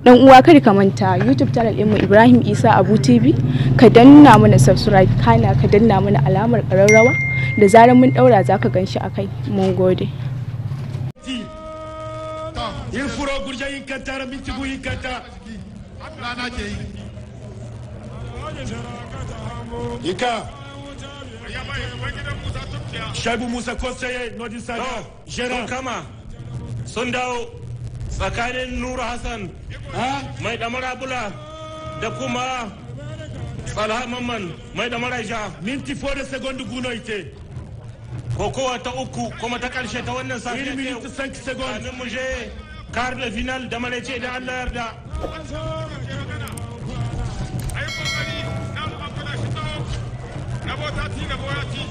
dan uwa kada ka manta youtube channel mu ibrahim isa abu tv ka danna mana subscribe kana ka danna mana alamar kararrawa da zarar mun daura za ka ganshi a kai mun gode Shaibu Musa Koseye, Nodin Sada, Gérard Kama, sun dawo tsakanin nura hassan mai damara bula da kuma tsalhamman mai damara sha minti 4 sekundu guno ite kokowa ta uku kuma ta karshe ta wannan safiya minti 5 sekundu kanin mu je kar da final da malaice da allah yarda na bota ti na bota ti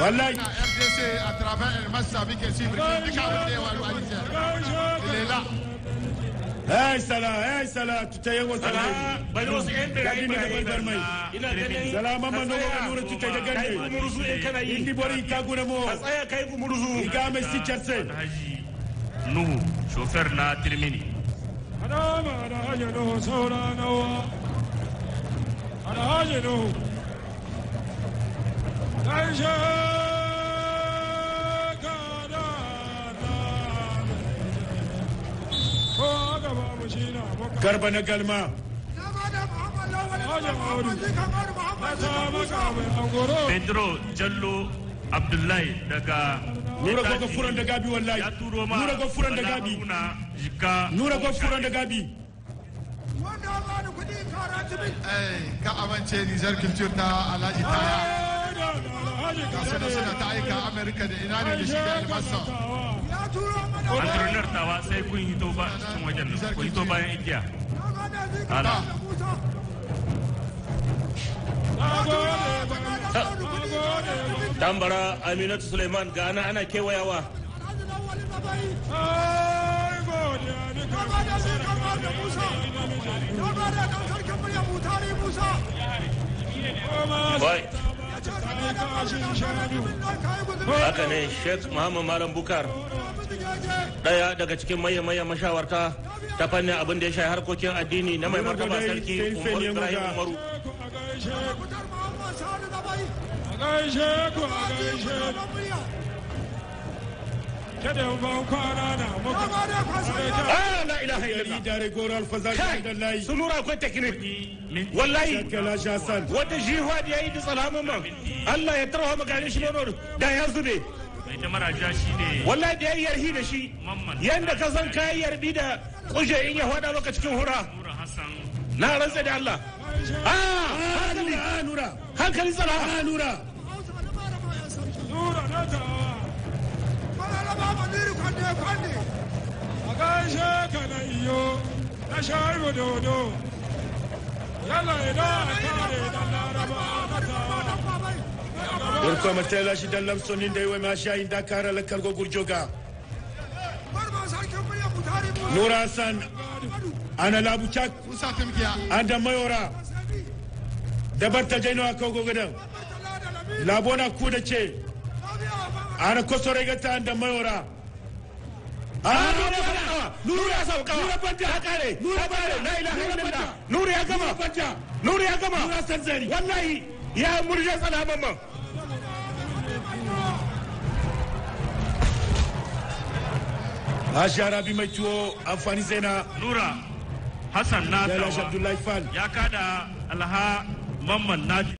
wallahi RDC a travers Massa muke shi birkin duka abin da yawa a Niger lela Hey sala, hey sala, tuta yawa sala. Bari wasu ƴan da yayi da bandar mai. Ina ganin salaman man dogo ga nura tuta da muruzu in kana yi. Indi bori ka gure mo. Ka tsaya kai muruzu. Iga mai si charse. Nuhu, shofer na Tirmini. Adama da hajjado saura nawa. Alhaji Nuhu. garba na galma pedro jallo abdullahi daga nura ga furan da gabi wallahi nura ga furan da gabi nura ga furan da gabi ka amince ni zarkin ta alhaji taya eh! gasa da suna ta aika amerika da ina ne da shi da almasa antronar tawa sai kun hito ba cikin wajen nan kun hito bayan igiya ala tambara aminatu suleiman ga ana ana kewayawa Wai, haka ne sheikh muhammad malam bukar daya daga cikin maye-maye mashawarta ta fannin abin da ya shayi harkokin addini na mai martaba sarki umaru ibrahim umaru a ku kada ya ban kwana na a dare ah, akwai wallahi wata jihuwa da yi da salamun man Allah ya tarwa magarin shi da ya zube wallahi da yayi yarhi da shi yanda ka san kayi yarbi da kuje in ya hada maka cikin hura na rantsa da Allah a ah, hankali ah, hankali tsara nura nura Amadiru Kwande Kwande. A gaishe ka na iyo na shaibu dodo. Yana ina a kare da laraba na tawa. Burko matela shi dan lamsonin da yi wa mashayin Dakar alakar gogul joga. Nura San ana labu labucak, Adam Mayora, dabar ta jaino a kawo gogodan. Labona ku da ce, ana kosoregata anda mayora nuru ya sauka nuru fanta ya kare nuru kare la ilaha illallah nuru ya gama fanta nuru ya gama nuru sanzari wallahi ya murje salaman ma. Hashara arabi mai tuwo amfani zaina Nura Hassan Nasawa ya kada Alha Mamman Naji